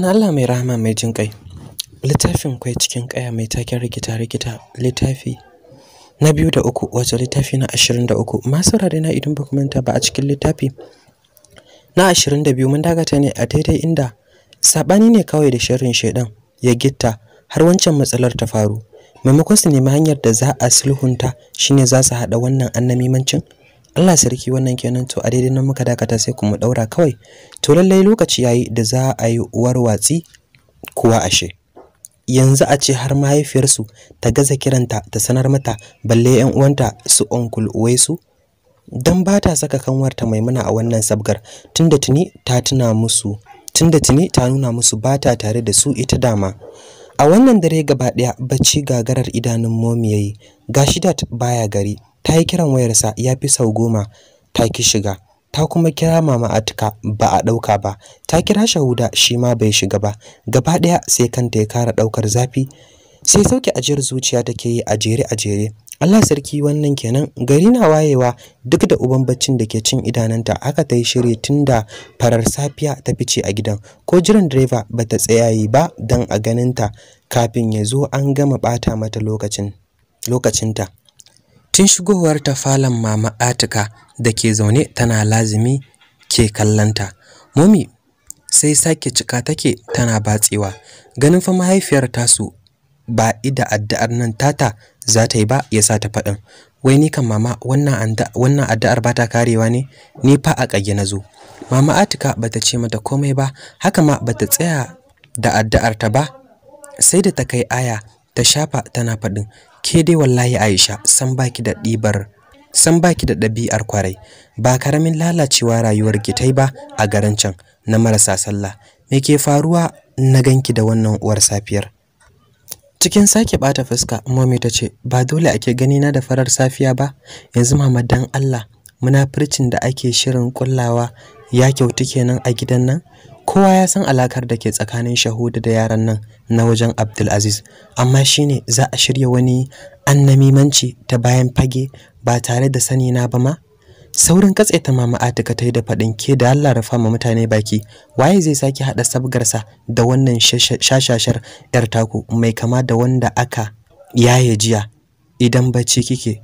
sunan Allah mai rahama mai jin ƙai littafin kwai cikin ƙaya mai taken rikita rikita littafi na biyu da uku wato littafi na ashirin da uku masu rare na idan ba manta ba a cikin littafi na ashirin da biyu mun dagata ne a daidai inda saɓani ne kawai da shirin shaidan ya gitta har wancan matsalar ta faru maimakon su nemi hanyar da za a sulhunta shine za su haɗa wannan annamimancin Allah sarki wannan kenan to a daidai nan muka dakata sai kuma daura kawai to lallai lokaci yayi da za a yi uwar watsi kuwa ashe yanzu a ce har mahaifiyarsu ta gaza kiranta ta sanar mata balle yan uwanta su onkul uwaisu dan ba ta saka kanwarta maimuna a wannan sabgar tunda tuni ta tuna musu tunda tuni ta nuna musu ba ta tare da su ita dama a wannan dare gaba daya bacci gagarar idanun momi yayi gashi dat baya gari ta yi kiran wayarsa ya fi sau goma ta ki shiga ta kuma kira mama atika ba a ɗauka ba ta kira shahuda shi ma bai shiga ba gaba ɗaya sai kanta ya kara ɗaukar zafi sai sauke ajiyar zuciya take yi a jere a jere Allah sarki wannan kenan gari na wayewa duk da uban baccin da ke cin idananta haka ta yi shiri tun da farar safiya ta fice a gidan ko jiran direba ba ta yi ba don a ganinta kafin ya zo an gama ɓata mata lokacin lokacinta tun shigowar ta falon mama Atika da ke zaune tana lazimi ke kallanta mummy sai sake cika take tana batsewa ganin fa mahaifiyar tasu ba ida addu'ar nan tata za ta yi ba ya sa ta faɗin wai ni kan mama wannan wannan addu'ar ba ta karewa ne ni fa a kage na mama Atika ba ta ce mata komai ba haka ma ba ta tsaya da addu'ar ba sai da ta kai aya ta shafa tana faɗin ke dai wallahi Aisha san baki da dibar san baki da ɗabi'ar kwarai ba karamin lalacewa rayuwar ki tai ba a garin can na marasa sallah me ke faruwa na ganki da wannan uwar safiyar cikin sake bata fuska mami ta ce ba dole ake gani na da farar safiya ba yanzu mama dan Allah munafircin da ake shirin kullawa ya kyautu kenan a gidan nan kowa ya san alakar da ke tsakanin shahuda da yaran nan na wajen abdulaziz amma shine za a shirya wani annamimanci ta bayan fage ba tare da sani na ba ma saurin katse ta mama atika ta yi da faɗin ke da allah rufa ma mutane baki waye zai sake haɗa sabgarsa da wannan shashashar yar taku mai kama da wanda aka yaye jiya idan bacci kike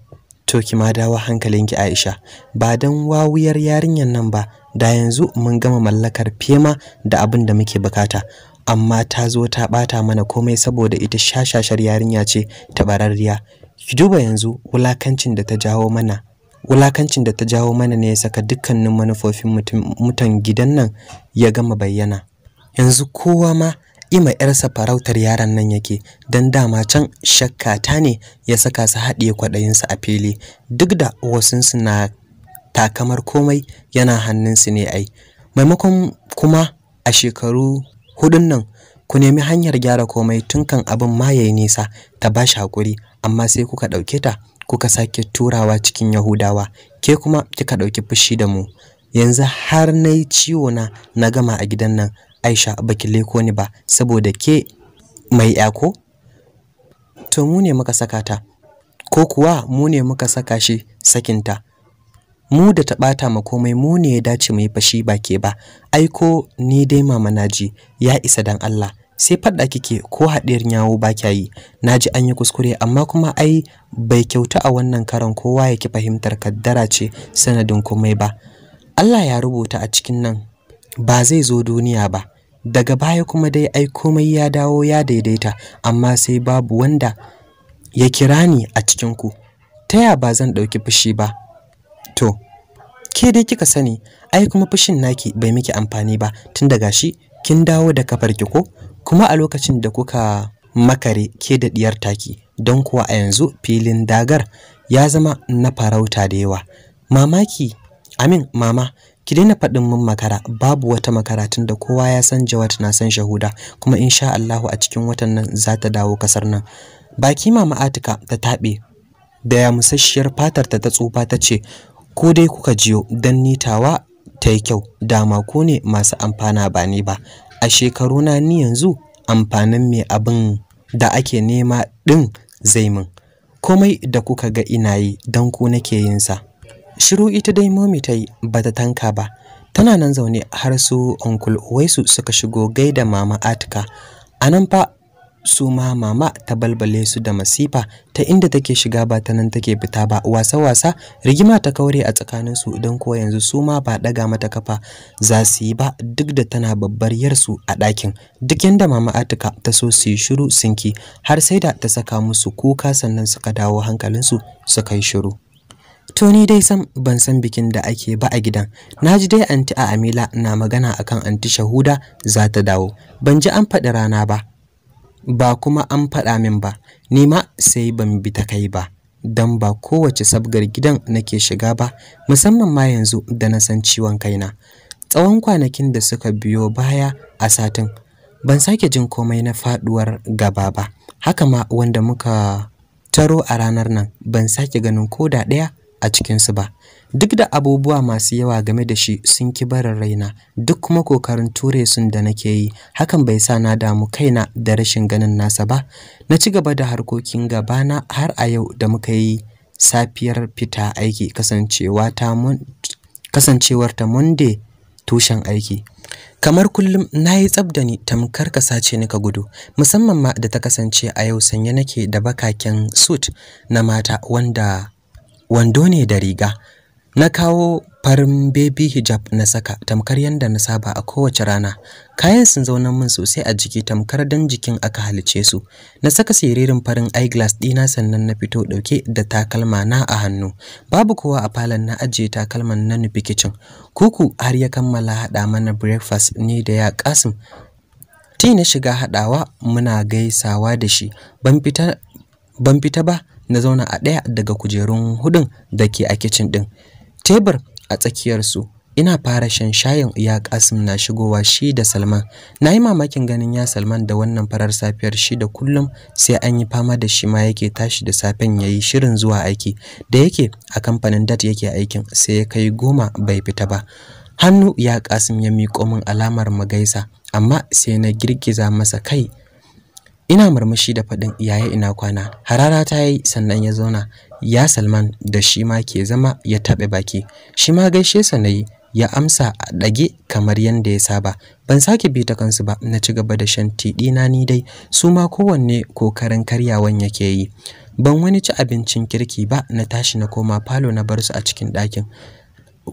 to ki ma dawo hankalinki Aisha ba dan wawuyar yarinyar nan ba da yanzu mun gama mallakar fema da abin da muke bukata amma ta zo ta bata mana komai saboda ita shashashar yarinya ce ta bararriya ki duba yanzu wulakancin da ta jawo mana wulakancin da ta jawo mana ne ya saka dukkanin manufofin mutan gidan nan ya gama bayyana yanzu kowa ma ima yarsa farautar yaron nan yake dan dama can shakkata ne ya saka su haɗiye kwaɗayinsu a fili duk da wasunsu na takamar komai yana hannunsu ne ai maimakon kuma a shekaru hudun nan ku nemi hanyar gyara komai tun kan abin ma yayi nisa ta ba shi hakuri amma sai kuka dauke ta kuka sake turawa cikin Yahudawa ke kuma kika ɗauki fushi da mu yanzu har nayi ciwo na na gama a gidan nan Aisha baki leko ni ba saboda ke mai yako to mu ne muka saka ta ko kuwa mu ne muka saka shi sakinta mu da ta ɓata ma komai mu ne ya dace mu yi fashi ba ke ba aiko ni dai mama naji ya isa dan Allah sai faɗa kike ko haɗiyar nyawo ba kya yi naji an yi kuskure amma kuma ai bai kyauta a wannan karan kowa ya ki fahimtar kaddara ce sanadin komai ba Allah ya rubuta a cikin nan ba zai zo duniya ba daga baya kuma dai ai komai ya dawo ya daidaita amma sai babu wanda ya kira ni a cikin ku ta ya ba zan ɗauki fushi ba to ke dai kika sani ai kuma fushin naki bai miki amfani ba tun daga shi kin dawo da kafar ki ko kuma a lokacin da kuka makare ke da diyar taki don kuwa a yanzu filin dagar ya zama na farauta da yawa mamaki amin mama ki daina faɗin min makara babu wata makara da kowa ya san jawat na san Shahuda kuma insha Allahu a cikin watan nan za ta dawo kasar nan baki mama Atika ta tabe da ya musasshiyar fatar ta ta tsufa ta ce ko dai kuka jiyo dan nitawa ta yi kyau dama ko ne masu amfana ba ne ba a shekaruna ni yanzu amfanin mai abin da ake nema ɗin zai min komai da kuka ga ina yi don ku nake yin sa Shiru ita dai momi ta yi ba ta tanka ba. Tana nan zaune har su Uncle waisu suka shigo gaida Mama Atika. A nan fa su ma mama ta balbale su da masifa ta inda take shiga ba ta nan take fita ba wasa-wasa rigima ta kaure a tsakaninsu don ko yanzu su ma ba daga mata kafa za su yi ba duk da tana babbar yarsu a ɗakin duk yanda mama atika ta so su yi shiru sinki har sai da ta saka musu kuka sannan suka dawo hankalinsu suka yi shiru to ni dai sam ban san bikin da ake ba a gidan na ji dai anti a amila na magana akan anti shahuda za ta dawo ban ji an faɗi rana ba ba kuma an faɗa min ba ni ma sai ban bi ta kai ba dan ba kowace sabgar gidan nake shiga ba musamman ma yanzu da na san ciwon kaina tsawon kwanakin da suka biyo baya a satin ban sake jin komai na faɗuwar gaba ba haka ma wanda muka taro a ranar nan ban sake ganin koda ɗaya a cikinsu ba duk da abubuwa masu yawa game da shi sun ki barin raina duk kuma kokarin ture sun da nake yi hakan bai sa na damu kaina da rashin ganin nasa ba na ci gaba da harkokin gabana har a yau da muka yi safiyar fita aiki kasancewa ta mun kasancewar ta monday tushen aiki kamar kullum na yi tsab da tamkar ka sace ni ka gudu musamman ma da ta kasance a yau sanye nake da bakaken suit na mata wanda wando ne da riga na kawo farin baby hijab na saka tamkar yadda na saba a kowace rana kayan sun zauna min sosai a jiki tamkar dan jikin aka halice su na saka siririn farin eyeglass dina sannan na fito dauke da takalma na a hannu babu kowa a falon na ajiye takalman na nufi kicin kuku har ya kammala hada mana breakfast ne da ya kasim ti na shiga hadawa muna gaisawa da shi ban fita ba na zauna a ɗaya daga kujerun hudun da ke a kicin ɗin tebur a tsakiyarsu ina fara shan shayin ya kasim na shigowa shi da salman na yi mamakin ganin ya salman da wannan farar safiyar shi da kullum sai an yi fama da shi ma yake tashi da safen ya yi shirin zuwa aiki da yake a kamfanin dat yake aikin sai ya kai goma bai fita ba hannu ya kasim ya miƙo min alamar magaisa amma sai na girgiza masa kai ina murmushi da faɗin yaya ina kwana harara ta yi sannan ya zauna ya salman da shi ma ke zama ya taɓe baki shi ma gaishe sa na ya amsa a ɗage kamar yadda ya saba ban sake bi ta kansu ba na ci gaba da shan tiɗina ni dai su ma kowanne kokarin karyawan yake yi ban wani ci abincin kirki ba na tashi na koma falo na bar su a cikin ɗakin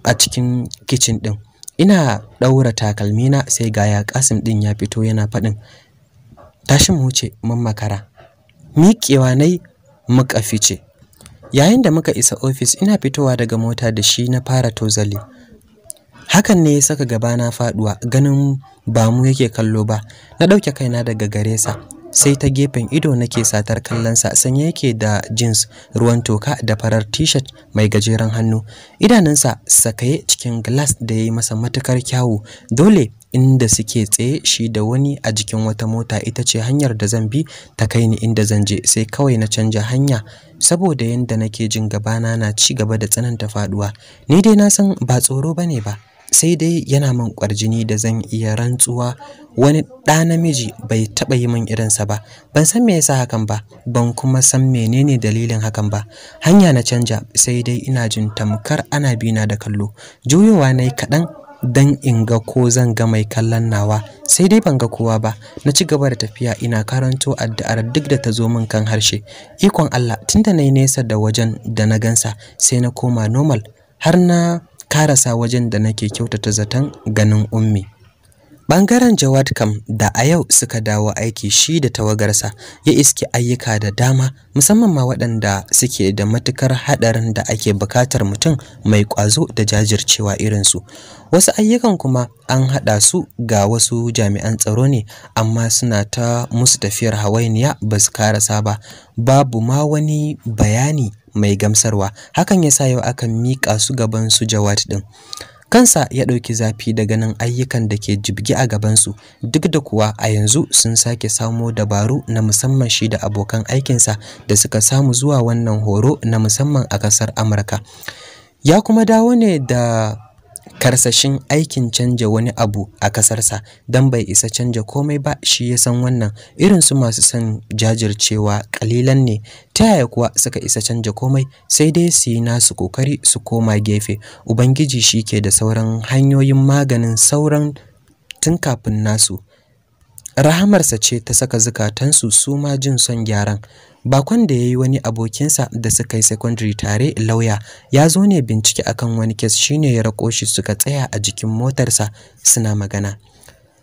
a cikin kicin ɗin ina ɗaura takalmina sai ga ya kasim ɗin ya fito yana faɗin tashi mu wuce mun makara miƙewa nayi muka fice yayin da muka isa ofis ina fitowa daga mota da shi na fara tozali hakan ne ya saka na faduwa ganin ba mu yake kallo ba na ɗauke kaina daga gare sa sai ta gefen ido nake satar kallon sa sanye yake da jeans ruwan toka da farar t-shirt mai gajeren hannu idanunsa sakaye cikin glass da ya yi masa matukar kyawu dole inda suke tsaye shi da wani a jikin wata mota ita ce hanyar da zan bi ta kai ni inda zan je sai kawai na canja hanya saboda yanda nake jin gabana na ci gaba da tsananta faduwa ni dai na san ba tsoro bane ba sai dai yana min kwarjini da zan iya rantsuwa wani ɗa namiji bai taɓa yi min irinsa ba ban san me yasa hakan ba ban kuma san menene dalilin hakan ba hanya na canja sai dai ina jin tamkar ana bina da kallo juyowa na yi kaɗan don in ga ko zan ga mai kallon nawa sai dai ban ga kowa ba na ci gaba da tafiya ina karanto addu'ar duk da ta zo min kan harshe ikon Allah tunda na yi nesa da wajen da na gansa sai na koma normal har na karasa wajen da nake kyautata zaton ganin ummi Bangaren Jawad kam da a yau suka dawo aiki shi da tawagarsa ya iske ayyuka da dama musamman ma waɗanda suke da matukar haɗarin da ake bukatar mutum mai ƙwazo da jajircewa irinsu. Wasu ayyukan kuma an haɗa su ga wasu jami'an tsaro ne amma suna ta musu tafiyar hawainiya ba su karasa ba babu ma wani bayani mai gamsarwa hakan yasa yau aka miƙa su gaban su Jawad ɗin. kansa ya ɗauki zafi da ganin ayyukan da ke jibgi a gabansu duk da kuwa a yanzu sun sake samo dabaru na musamman shi da abokan aikinsa da suka samu zuwa wannan horo na musamman a ƙasar amurka ya kuma dawo ne da karsashin aikin canja wani abu a kasarsa don bai isa canja komai ba shi ya san wannan irin su masu son jajircewa kalilan ne ta yaya kuwa suka isa canja komai sai dai su yi nasu kokari su koma gefe ubangiji shi ke da sauran hanyoyin maganin sauran tun kafin nasu rahamarsa ce ta saka zukatansu su ma jin son gyaran bakon da ya yi wani abokinsa da suka yi secondary tare lauya ya zo ne bincike akan wani kes shine ya rako shi suka tsaya a jikin motarsa suna magana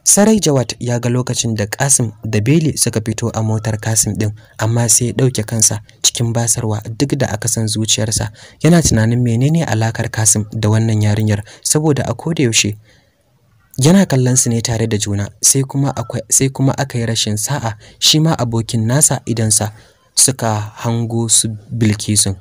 sarai jawat ya ga lokacin da kasim da beli suka fito a motar kasim din amma sai ya ɗauke kansa cikin basarwa duk da aka san zuciyarsa yana tunanin menene alakar kasim da wannan yarinyar saboda a yaushe yana kallon su ne tare da juna sai kuma akwai sai kuma aka yi rashin sa'a shi ma abokin nasa idansa suka hango su Bilkisun.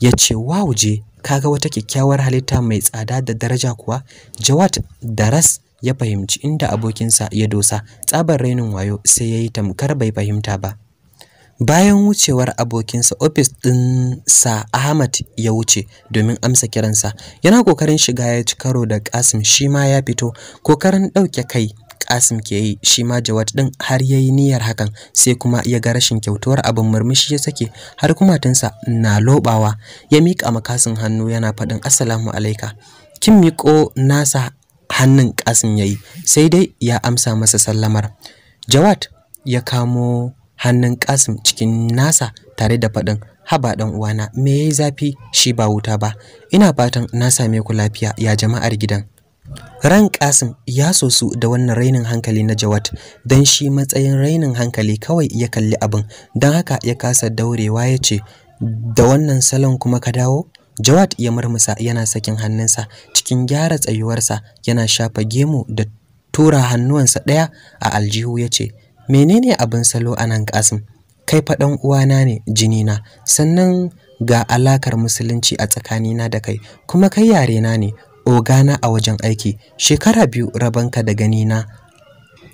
Ya ce, "Wow je, kaga wata kyakkyawar halitta mai tsada da daraja kuwa?" Jawad da Ras ya fahimci inda abokinsa ya dosa, tsabar rainin wayo sai ya yi tamkar bai fahimta ba. Bayan wucewar abokinsa ofis ɗinsa Ahmad ya wuce domin amsa kiransa. Yana kokarin shiga ya ci karo da Kasim shi ma ya fito, kokarin ɗauke kai Qasim ke yi shi ma Jawad din har yayi niyyar hakan sai kuma ya ga rashin kyautuwar abin murmushi ya sake har kumatunsa na lobawa ya mika makasin hannu yana faɗin assalamu alaika kin miko nasa hannun Qasim yayi sai dai ya amsa masa sallamar Jawad ya kamo hannun Kasim cikin nasa tare da faɗin haba dan uwana me yayi zafi shi ba wuta ba ina fatan na same ku lafiya ya jama'ar gidan Ran Kasim ya sosu da wannan rainin hankali na Jawad dan shi matsayin rainin hankali kawai ya kalli abin dan haka ya kasa daurewa ya ce da wannan salon kuma ka dawo Jawad ya murmusa yana sakin hannunsa cikin gyara tsayuwarsa yana shafa gemu da tura hannuwansa ɗaya a aljihu ya ce menene abin salo a nan Kasim kai fa dan uwana ne jini na. sannan ga alakar musulunci a tsakanina da kai kuma kai yare na ne ogana a wajen aiki shekara biyu rabanka da gani na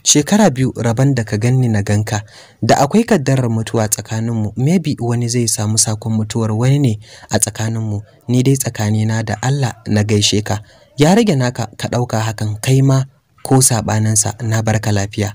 shekara biyu raban da ka ganni na ganka da akwai kaddarar mutuwa tsakaninmu maybe wani zai samu sakon mutuwar wani ne a tsakaninmu ni dai tsakanina da Allah na gaishe ka ya rage naka ka ɗauka hakan kai ma ko saɓaninsa na barka lafiya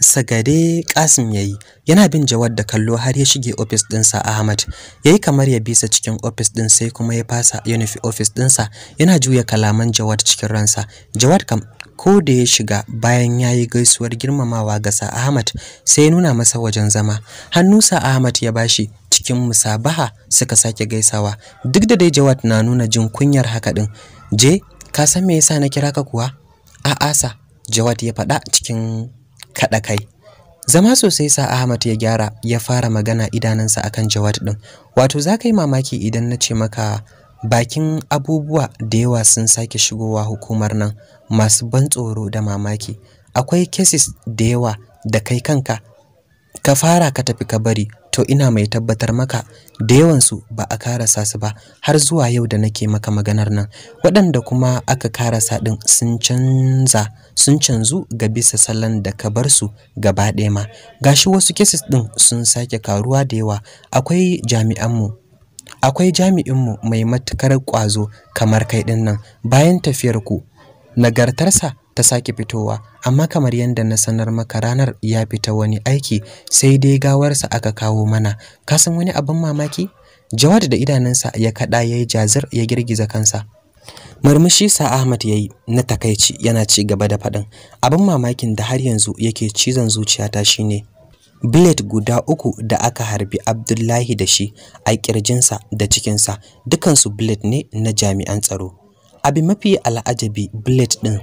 sagade Kasim yayi yana bin Jawad da kallo har ya shige office sa Ahmad yayi kamar ya bisa cikin office din sai kuma ya fasa ya nufi ofis ɗinsa. yana juya kalaman Jawad cikin ransa Jawad kam ko da ya shiga bayan yayi gaisuwar girmamawa ga Sa Ahmad sai nuna masa wajen zama hannu Sa Ahmad ya bashi cikin musabaha suka sake gaisawa duk da dai Jawad na nuna jin kunyar haka din je ka san me yasa na kira ka kuwa a asa Jawad ya faɗa cikin kaɗa kai zama sosai sa Ahmad ya gyara ya fara magana idanansa akan Jawad din wato za ka yi mamaki idan na ce maka bakin abubuwa da yawa sun sake shigowa hukumar nan masu ban tsoro da mamaki akwai cases da yawa da kai kanka ka fara ka tafi ka bari to ina mai tabbatar maka da yawansu ba a karasa su ba har zuwa yau da nake maka maganar nan waɗanda kuma aka karasa ɗin sun canza sun canzu ga bisa salon da ka bar su gaba ɗaya ma gashi wasu cases ɗin sun sake karuwa da yawa akwai jami'anmu akwai jami'inmu mai matukar ƙwazo kamar kai ɗin nan bayan tafiyar ku nagartarsa ta sake fitowa amma kamar yadda na sanar maka ranar ya fita wani aiki sai dai gawarsa aka kawo mana ka san wani abin mamaki jawad da idanunsa ya kada ya yi jazir ya girgiza kansa murmushi sa ahmad ya yi na takaici yana ci gaba da faɗin abin mamakin da har yanzu yake cizon zuciyata shine Bilet guda uku da aka harbi Abdullahi da shi a kirjinsa da cikinsa dukansu blade ne na jami'an tsaro. Abi mafi al'ajabi bilet ɗin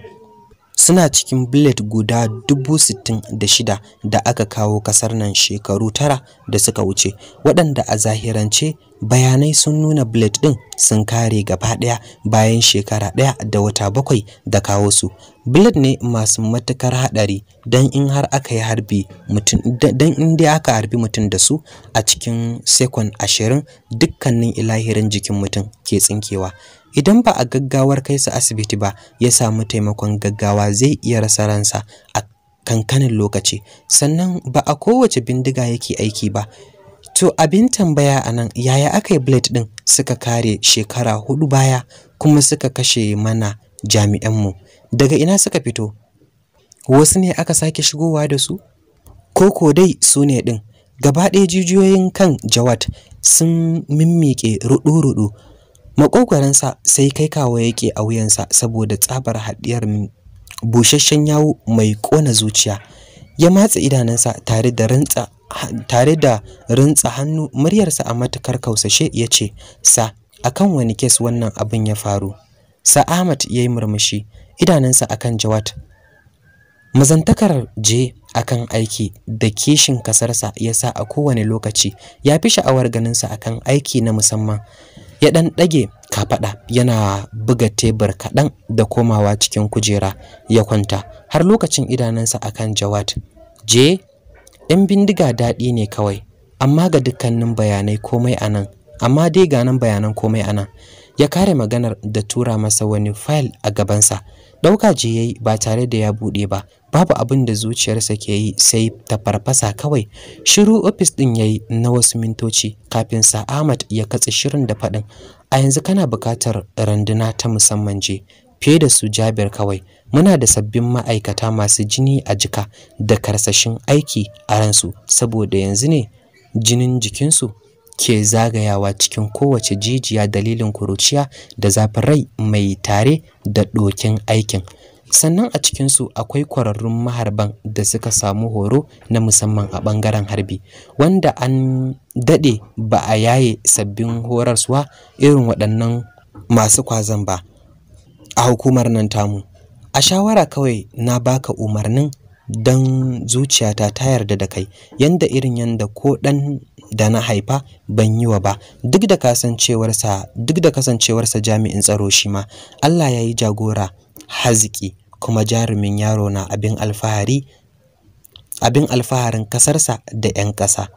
suna cikin bullet guda dubu sittin da shida da aka kawo kasar nan shekaru tara da suka wuce waɗanda a zahirance bayanai sun nuna bullet ɗin sun kare gaba ɗaya bayan shekara ɗaya da wata bakwai da kawo su bullet ne masu matukar haɗari don in har aka yi harbi mutum don in dai aka harbi mutum da su a cikin sekon ashirin dukkanin ilahirin jikin mutum ke tsinkewa idan ba a gaggawar kai sa asibiti ba ya samu taimakon gaggawa zai iya rasa ransa a kankanin lokaci sannan ba a kowace bindiga yake aiki ba to abin tambaya a nan, yaya aka yi blade din suka kare shekara hudu baya kuma suka kashe mana jami'anmu daga ina suka fito wasu ne aka sake shigowa da su koko dai su ne din gaba ɗaya jijiyoyin kan jawat sun mimmike rudu-rudu makogwaransa sai kai kawo yake a wuyansa saboda tsabar haɗiyar busasshen yawo mai kona zuciya ya matsa idanansa tare da rantsa tare da rantsa hannu muryarsa a matukar kausashe ya ce sa akan wani kes wannan abin ya faru sa Ahmad ya yi murmushi idanansa akan Jawad mazantakar je akan aiki da kishin kasarsa ya sa a kowane lokaci ya fi sha'awar ganinsa akan aiki na musamman ya dan dage kafada yana buga tebur kaɗan da komawa cikin kujera ya kwanta har lokacin idanunsa akan jawad je yan bindiga daɗi ne kawai amma ga dukkanin bayanai komai anan amma dai ga nan bayanan komai anan ya kare maganar da tura masa wani fayil a gabansa ɗauka je yayi ba tare da ya buɗe ba babu abin da zuciyarsa ke yi sai ta farfasa kawai shiru ofis din yayi na wasu mintoci kafin sa Ahmad ya katse shirin da faɗin a yanzu kana buƙatar randuna ta musamman je fiye da su Jabir kawai muna da sabbin ma'aikata masu jini a jika da karsashin aiki a ransu saboda yanzu ne jinin jikinsu ke zagayawa cikin kowace jijiya dalilin kuruciya da zafin rai mai tare da ɗokin aikin sannan a cikinsu akwai kwararrun maharban da suka samu horo na musamman a ɓangaren harbi wanda an daɗe ba a yaye sabbin horarsuwa irin waɗannan masu kwazon ba a hukumar nan tamu a shawara kawai na baka umarnin don zuciyata ta yarda da kai yanda irin yanda ko ɗan da na haifa ban yi wa ba duk da kasancewarsa duk da kasancewarsa jami'in tsaro shi ma Allah ya yi jagora haziki kuma jarumin yaro na abin alfahari abin alfaharin kasarsa da 'yan ƙasa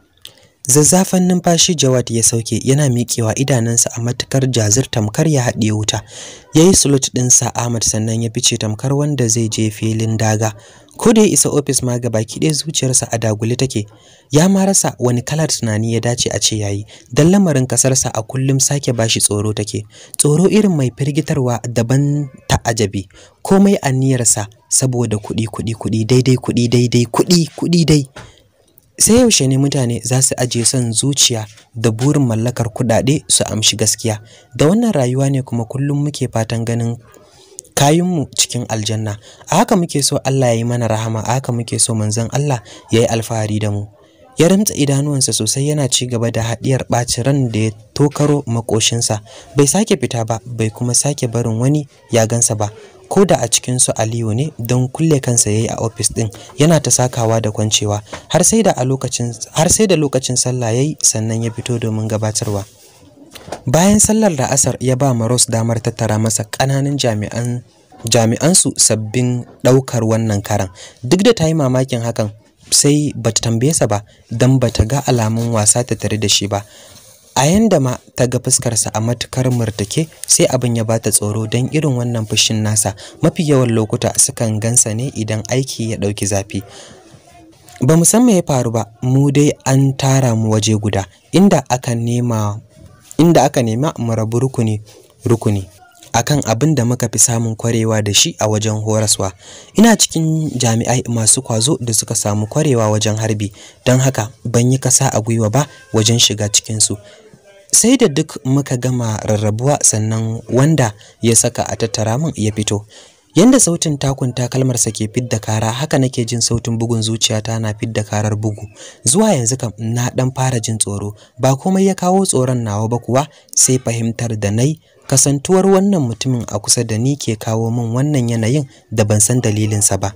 zazzafan numfashi Jawad ya sauke yana miƙewa idanansa a matukar jazir tamkar ya haɗe wuta yayi slot din sa Ahmad sannan ya fice tamkar wanda zai je filin daga ko da ya isa ofis ma gaba ɗaya zuciyarsa a dagule take ya ma rasa wani kalar tunani ya dace a ce yayi dan lamarin kasarsa a kullum sake bashi tsoro take tsoro irin mai firgitarwa daban ta ajabi, komai aniyarsa saboda kuɗi kuɗi kuɗi daidai kuɗi daidai kuɗi kuɗi dai sai yaushe ne mutane za su ajiye son zuciya da burin mallakar kuɗaɗe su amshi gaskiya da wannan rayuwa ne kuma kullum muke fatan ganin kayinmu cikin aljanna a haka muke so Allah ya yi mana rahama a haka muke so manzon Allah ya yi alfahari da mu ya rantsa idanuwansa sosai yana ci gaba da haɗiyar ɓacin ran da ya tokaro makoshinsa bai sake fita ba bai kuma sake barin wani ya gansa ba ko da a su Aliyu ne don kulle kansa yayi a ofis din yana ta sakawa da kwancewa har sai da a lokacin har sai da lokacin sallah yayi sannan ya fito domin gabatarwa bayan sallar da asar ya ba Maros damar tattara masa kananan jami'an jami'ansu sabbin daukar wannan karan duk da ta yi mamakin hakan sai bata tambaye sa ba dan bata ga alamun wasa ta tare da shi ba a yanda ma ta ga fuskarsa a matukar murtake sai abin ya bata tsoro don irin wannan fushin nasa mafi yawan lokuta sukan gansa ne idan aiki ya ɗauki zafi ba mu san me ya faru ba mu dai an tara mu waje guda inda aka nema inda aka nema mu rabu rukuni rukuni akan abin da muka fi samun kwarewa da shi a wajen horaswa ina cikin jami'ai masu kwazo da suka samu kwarewa wajen harbi don haka ban yi kasa a gwiwa ba wajen shiga cikinsu sai da duk muka gama rarrabuwa sannan wanda ya saka a tattara min ya fito yanda sautin takun takalmarsa ke fidda kara haka nake jin sautin bugun zuciyata na fidda karar bugu zuwa yanzu kam na dan fara jin tsoro ba komai ya kawo tsoron nawa ba kuwa sai fahimtar da nai kasantuwar wannan mutumin a kusa da ni ke kawo min wannan yanayin da ban san dalilinsa ba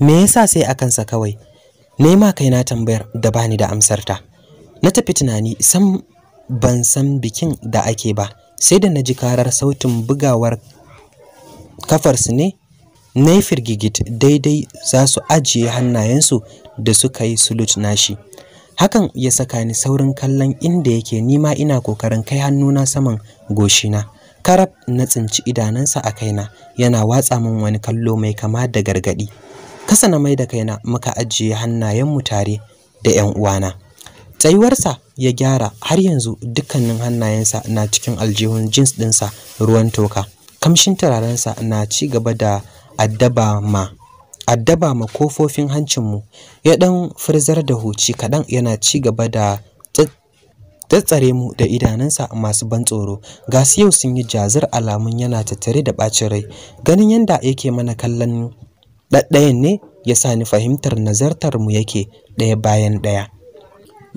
me yasa sai a kansa kawai nema kaina tambayar da bani da amsarta na tafi tunani sam ban san bikin da ake ba sai da na ji karar sautin bugawar kafarsu ne na yi firgigit daidai za su ajiye hannayensu da suka yi sulut nashi hakan ya saka ni saurin kallon inda yake nima ina kokarin kai hannuna saman goshina karab na tsinci idanansa a kaina yana watsa min wani kallo mai kama da gargadi kasa na mai da kaina muka ajiye hannayenmu tare da 'yan uwana tsayuwarsa ya gyara har yanzu dukkanin hannayensa na cikin aljihun jins ɗinsa ruwan toka kamshin turarensa na ci gaba da addaba ma addaba ma kofofin hancinmu ya dan furzar da huci kaɗan yana ci gaba da tattsare mu da idanunsa masu ban tsoro ga su yau sun yi jazir alamun yana tattare da ɓacin rai ganin yadda yake mana kallon ɗaɗɗayan ne ya sa ni fahimtar nazartar mu yake ɗaya bayan ɗaya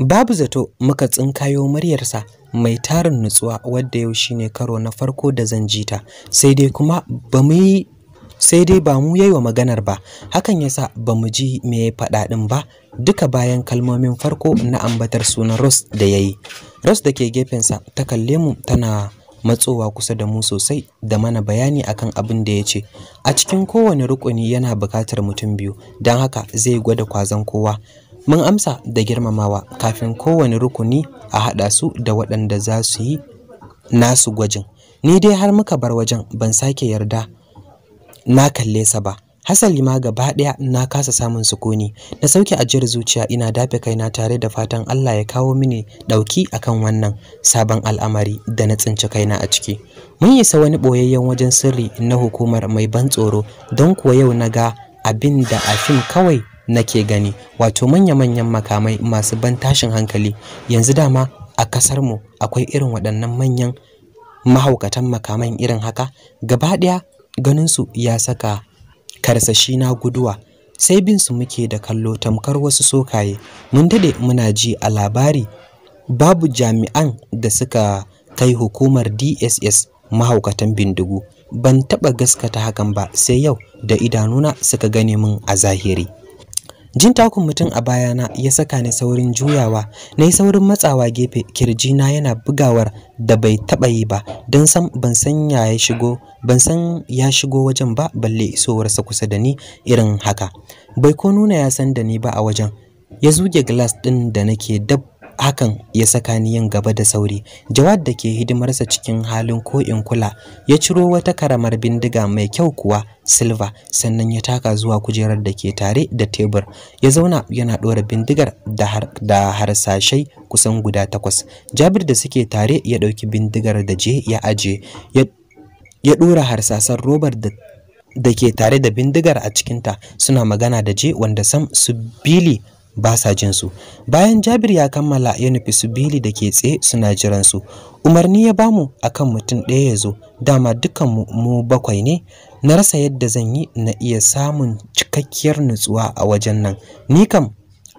Babu zato muka tsinkayo muryarsa mai tarin nutsuwa wadda yau shine karo na farko da zan ji sai dai kuma ba mu yi sai dai ba mu yayi wa maganar ba hakan yasa ba mu ji me ya faɗa ɗin ba duka bayan kalmomin farko na ambatar sunan Ross da yayi Ross da ke gefensa ta kalle mu tana matsowa kusa da mu sosai da mana bayani akan abin da ya ce a cikin kowane rukuni yana bukatar mutum biyu don haka zai gwada kwazon kowa mun amsa da girmamawa kafin kowane rukuni a haɗa su da waɗanda za su yi nasu gwajin ni dai har muka bar wajen ban sake yarda na kalle sa ba hasali ma gaba ɗaya na kasa samun sukuni na sauke ajiyar zuciya ina dafe kaina tare da fatan Allah ya kawo mini ɗauki akan wannan sabon al'amari da na tsinci kaina a ciki mun isa wani ɓoyayyen wajen sirri na hukumar mai ban tsoro don kuwa yau na ga abin da a fim kawai nake gani wato manya-manyan makamai masu ban tashin hankali yanzu dama a kasar mu akwai irin waɗannan manyan mahaukatan makaman irin haka gaba ɗaya ganin su ya saka karsashi na guduwa sai bin su muke da kallo tamkar wasu sokaye mun daɗe muna ji a labari babu jami'an da suka kai hukumar DSS mahaukatan bindigu ban taɓa gaskata hakan ba sai yau da idanuna suka gane min a zahiri jin takun mutum a bayana ya saka ni saurin juyawa na yi saurin matsawa gefe na yana bugawar da bai taɓa yi ba don san ban san ya shigo ban san ya shigo wajen ba balle isowarsa kusa da ni irin haka bai ko nuna ya san da ni ba a wajen ya zuge glass ɗin da nake dab hakan ya saka ni yin gaba da sauri jawad da ke hidimarsa cikin halin ko kula ya ciro wata karamar bindiga mai kyau kuwa silva sannan ya taka zuwa kujerar da ke tare da tebur ya zauna yana ɗora bindigar da, har, harsashai kusan guda takwas jabir da suke tare ya ɗauki bindigar da je ya aje ya ɗora harsasan robar da da ke tare da bindigar a cikinta suna magana da je wanda sam su bili ba sa jin su bayan Jabir ya kammala ya nufi su Bili da ke tsaye suna jiran su umarni ya bamu akan mutum ɗaya ya zo dama dukan mu, bakwai ne na rasa yadda zan yi na iya samun cikakkiyar nutsuwa a wajen nan ni kam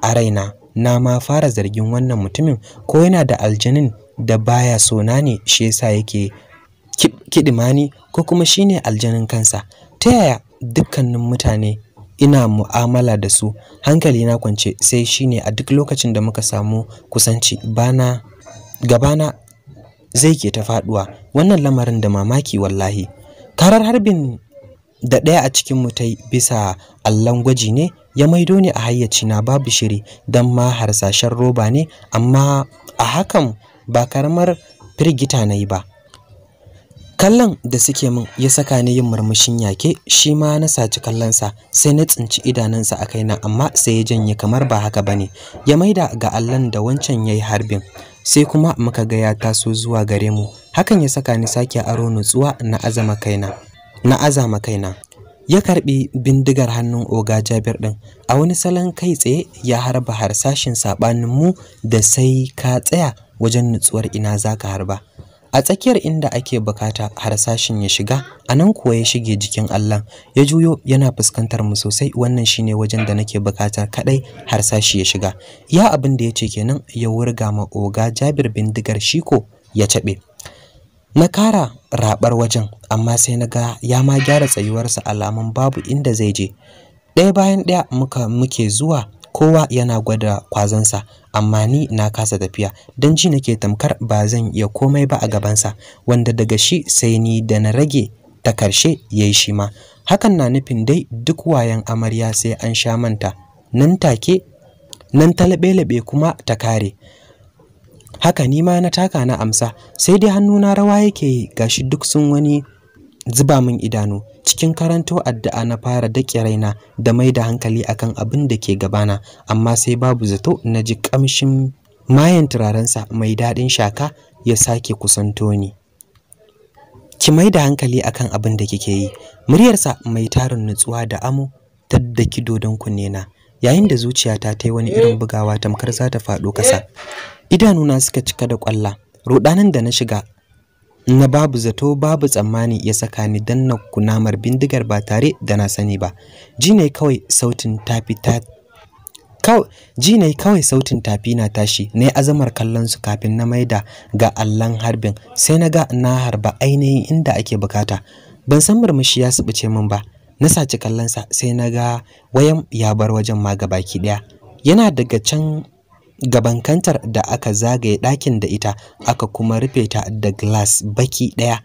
a raina na ma fara zargin wannan mutumin ko yana da aljanin da baya sona ne shi yasa yake kidimani ko kuma shine aljanin kansa ta yaya dukkanin mutane ina mu'amala da su hankali na kwance sai shine a duk lokacin da muka samu kusanci bana gabana zai ke ta faduwa wannan lamarin da mamaki wallahi karar harbin da ɗaya a cikin mu ta bisa allon gwaji ne ya maido ni a hayyaci na babu shiri don ma harsashen roba ne amma a hakan ba karamar firgita na yi ba kallon da suke min ya saka ni yin murmushin yake shi ma na saci kallonsa sai na tsinci idanunsa a kaina amma sai ya janye kamar ba haka bane ya maida ga allan da wancan yayi harbin sai kuma muka ga ya taso zuwa gare mu hakan ya saka ni sake aro nutsuwa na azama kaina na azama kaina ya karbi bindigar hannun oga Jabir din a wani salon kai tsaye ya harba harsashin sabanin mu da sai ka tsaya wajen nutsuwar ina zaka harba a tsakiyar inda ake bukata harsashin ya shiga a nan kuwa ya shige jikin Allah ya juyo yana fuskantar mu sosai wannan shine wajen da nake bukata kadai harsashi ya shiga ya abin da yace kenan ya wurga ma oga Jabir bindigar shiko ya cabe na kara rabar wajen amma sai na ga ya ma gyara tsayuwarsa alaman babu inda zai je ɗaya bayan ɗaya muka muke zuwa kowa yana gwada kwazansa amma ni na kasa tafiya don ji nake tamkar ba zan iya komai ba a gabansa wanda daga shi sai ni da na rage ta karshe ya yi shi ma hakan na nufin dai duk wayan amarya sai an sha manta nan take nan ta laɓe kuma ta kare haka ni ma na taka na amsa sai dai hannuna rawa yake yi gashi duk sun wani zuba min idanu cikin karanto addu'a na fara dake raina da mai da hankali akan abin da ke gabana amma sai babu zato na ji kamshin mayan turarensa mai daɗin shaka ya sake kusanto ni ki mai da hankali akan abin da kike yi muryarsa mai tarin nutsuwa da amo taddaki dodon na yayin da zuciyata ta yi wani irin bugawa tamkar za ta faɗo ƙasa idanuna suka cika da ƙwalla rudanin da na shiga na babu zato babu tsammani ya saka ni danna kunamar bindigar ba tare da na sani ba ji ne kawai sautin tafi ta ji ne kawai sautin tafi na tashi na azamar kallon su kafin na maida ga allan harbin sai na ga na harba ainihin inda ake bukata ban san murmushi ya su subuce min ba na saci kallon sa sai na ga wayan ya bar wajen ma gabaki daya yana daga can gaban kantar da aka zagaye ɗakin da ita aka kuma rufe ta da glass baki ɗaya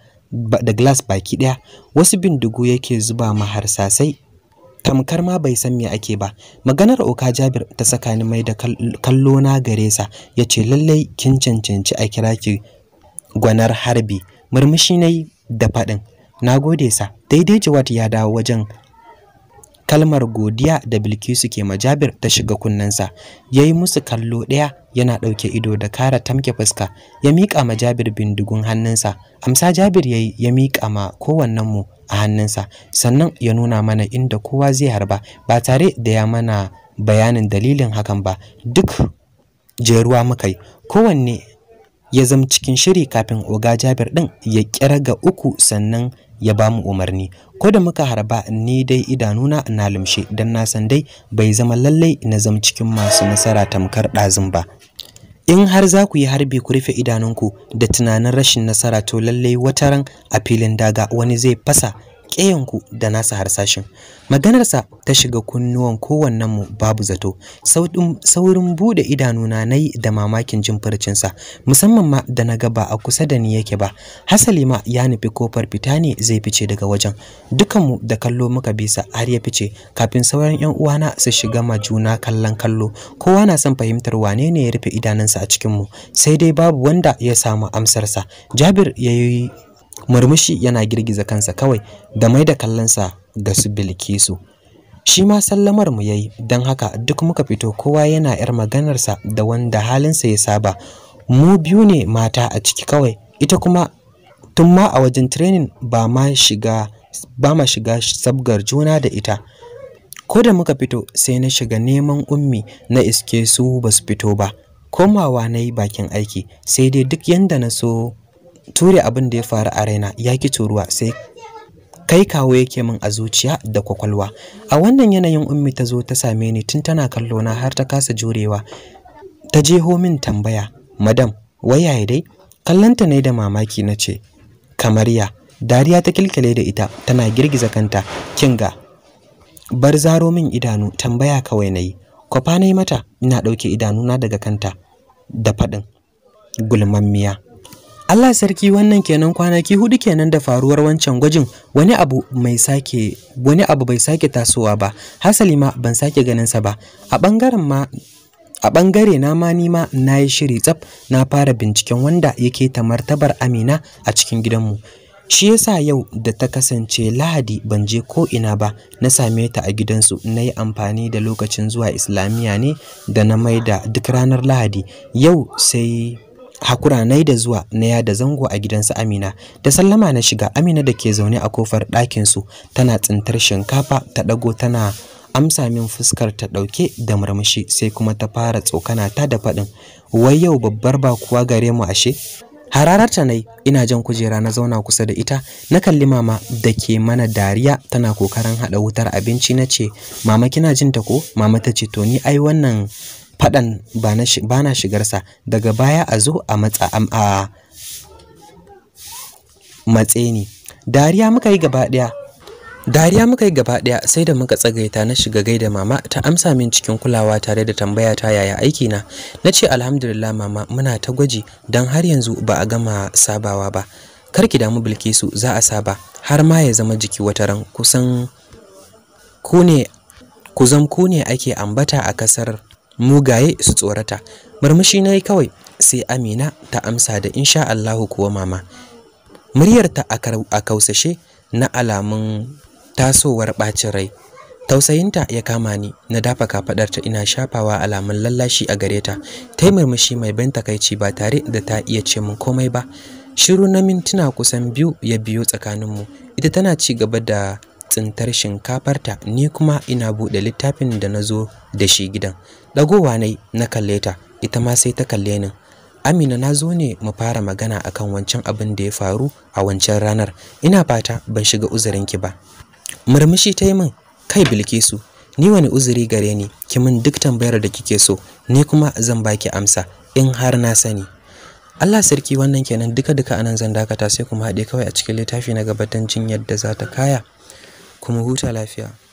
da glass baki ɗaya wasu bindigu yake zuba ma harsasai tamkar ma bai san me ake ba maganar oka jabir ta saka ni mai da kallo na gare sa yace lallai kin cancanci a kira ki gwanar harbi murmushi nayi da faɗin nagode sa daidai jawat ya dawo wajen kalmar godiya da Bilkisu ke majabir ta shiga kunnensa ya yi musu kallo ɗaya yana ɗauke ido da kara tamke fuska ya miƙa majabir bindigun hannunsa amsa jabir ya yi ya miƙa ma kowannen mu a hannunsa sannan ya nuna mana inda kowa zai harba ba tare da ya mana bayanin dalilin hakan ba duk jeruwa muka yi kowanne ya zama cikin shiri kafin oga jabir ɗin ya ƙirga uku sannan ya ba mu umarni ko da muka harba ni dai idanuna na lumshe don na san dai bai zama lallai na zama cikin masu nasara tamkar ɗazun ba in har za ku yi harbi ku rufe idanunku da tunanin rashin nasara to lallai wataran a filin daga wani zai fasa ƙeyanku da nasa harsashin maganarsa ta shiga kunnuwan mu babu zato saurin bude idanuna na yi da mamakin jin farcinsa. musamman ma da na ga ba a kusa da ni yake ba hasali ma ya nufi kofar fita ne zai fice daga wajen dukanmu da kallo muka bisa har ya fice kafin sauran yan uwana su shiga ma juna kallon kallo kowa na son fahimtar wane ne ya rufe idanunsa a cikinmu sai dai babu wanda ya samu amsarsa jabir ya yi murmushi yana girgiza kansa kawai da mai da kallonsa ga su bilkisu shi ma sallamar mu yayi don haka duk muka fito kowa yana yar maganarsa da wanda halinsa ya saba mu biyu ne mata a ciki kawai ita kuma tun ma a wajen training ba ma shiga ba ma shiga sabgar juna da ita ko da muka fito sai na shiga neman ummi na iske su ba su fito ba komawa na yi bakin aiki sai dai duk yanda na so ture abin da ya faru a raina ya ki turuwa sai kai kawo yake min a zuciya da kwakwalwa a wannan yanayin ummi ta zo ta same ni tun tana kallo na har ta kasa jurewa ta jeho min tambaya madam wayaye dai kallanta ne da mamaki na ce kamar ya dariya ta kilkile da ita tana girgiza kanta kinga bar zaro min idanu tambaya kawai nayi kwafa nayi mata ina ɗauke idanuna daga kanta da faɗin gulmammiya Allah sarki wannan kenan kwanaki hudu kenan da faruwar wancan gwajin wani abu mai sake wani abu bai sake tasowa ba hasali ma ban sake ganin sa ba a bangaren ma a bangare na ma ni ma na yi shiri tsaf na fara binciken wanda yake ta martabar Amina a cikin gidanmu shi yasa yau da ta kasance Lahadi ban je ko ina ba na same ta a gidansu na yi amfani da lokacin zuwa Islamiyya ne da na maida duk ranar Lahadi yau sai hakura nai da zuwa na yada zango a gidansa Amina da sallama na shiga Amina da ke zaune a kofar ɗakin su tana tsintar shinkafa ta dago tana amsa min fuskar ta dauke da murmushi sai kuma ta fara tsokana ta da fadin wai yau babbar ba kuwa gare mu ashe hararta nai ina jan kujera na zauna kusa da ita na kalli mama da ke mana dariya tana kokarin hada wutar abinci na ce mama kina jin ta ko mama ta ce to ni ai wannan faɗan ba na shigarsa daga baya a zo a matsa a matse ni dariya muka yi gaba ɗaya dariya muka yi gaba ɗaya sai da muka tsagaita na shiga gaida mama ta amsa min cikin kulawa tare da tambaya ta yaya aiki na na ce alhamdulillah mama muna ta gwaji don har yanzu ba a gama sabawa ba kar ki damu bilkisu za a saba har ma ya zama jiki wataran kusan ku ne ku ne ake ambata a kasar mugaye su tsorata murmushi nayi kawai sai amina ta amsa da insha Allahu kuwa mama muryarta a kausashe na alamun tasowar bacin rai tausayinta ya kama ni na dafa ta ina shafawa alamun lallashi a gareta. ta tai murmushi mai ban takaici ba tare da ta iya ce min komai ba shiru na mintuna kusan biyu ya biyo tsakaninmu ita tana ci gaba da tsintar shinkafarta ni kuma ina buɗe littafin da na zo da shi gidan Dagowa ne na kalle ta ita ma sai ta kalle ni amina na zo ne mu fara magana akan wancan abin da ya faru a wancan ranar ina fata ban shiga uzurin ki ba murmushi ta yi min kai bilkisu ni wani uzuri gare ni ki min duk tambayar da kike so ni kuma zan baki amsa in har na sani Allah sarki wannan kenan duka duka anan zan dakata sai kuma haɗe kawai a cikin littafi na gabatancin yadda za ta kaya kuma huta lafiya.